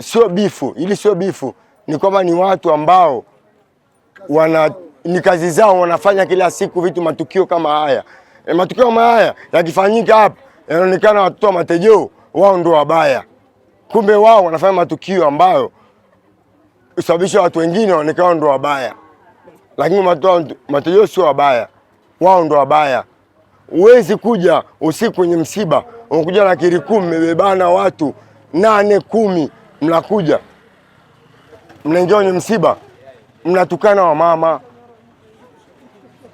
sio bifu, ili sio bifu, ni kwamba ni watu ambao wana ni kazi zao wanafanya kila siku vitu, matukio kama haya e, matukio kama haya yakifanyika hapa yanaonekana watoto wa matejoo wao ndio wabaya, kumbe wao wanafanya matukio ambayo usababisha watu wengine waonekana ndio wabaya, lakini matejoo sio wabaya, wao ndio wabaya. Huwezi kuja usiku kwenye msiba mkuja na kiri kumi, mmebebana watu nane kumi, mnakuja mnaingia kwenye msiba, mnatukana wamama,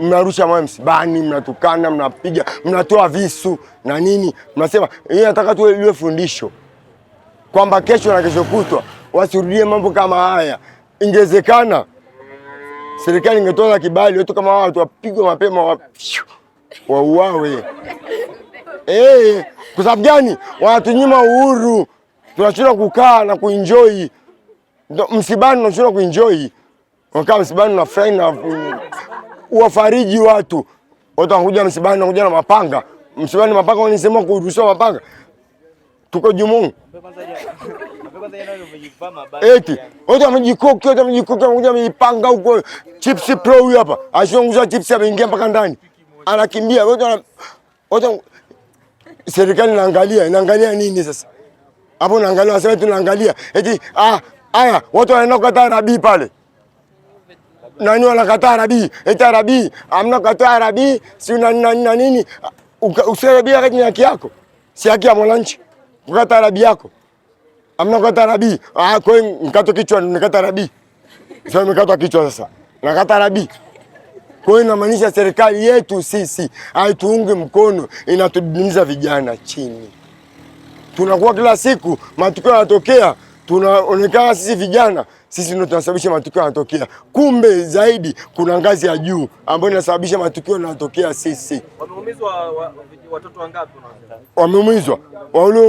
mnarusha mawe msibani, mnatukana, mnapiga, mnatoa visu na nini, mnasema yeye nataka tu ile fundisho kwamba kesho na kesho kutwa wasirudie mambo kama haya. Ingewezekana serikali ingetoa kibali, watu kama watu wapigwe mapema, wauawe eh, kwa sababu gani? Wanatunyima uhuru, tunashindwa kukaa na kuenjoy msibani, tunashindwa kuenjoy. wakaa msibani na friend na uwafariji watu, watu wanakuja msibani, wanakuja na mapanga msibani, mapanga wanisema kuruhusiwa mapanga, tuko jumu Eti wote wamejikoki, wote wamejikoki, wamekuja wamejipanga huko. Chipsi pro huyu hapa ashonguza chipsi, ameingia mpaka ndani, anakimbia wote wote serikali inaangalia, inaangalia nini sasa? Hapo unaangalia, wasema tunaangalia. Eti ah, haya watu wanaenda kukataa rabii pale. Nani wanakataa rabii? Eti rabii, amna kukataa rabii, si na nini? Usirabii wakati ni haki yako. Si haki ya mwananchi. Kukataa rabii yako. Amna kukataa rabii. Ah, kwa hiyo kichwa, nikata rabii. Sasa so, kichwa sasa. Nakata rabii. Kwa hiyo inamaanisha serikali yetu sisi haituungi mkono, inatudunisha vijana chini. Tunakuwa kila siku matukio yanatokea, tunaonekana sisi vijana sisi ndio tunasababisha matukio yanatokea, kumbe zaidi kuna ngazi ya juu ambayo inasababisha matukio yanatokea. Sisi wameumizwa watoto wangapi? Wameumizwa wale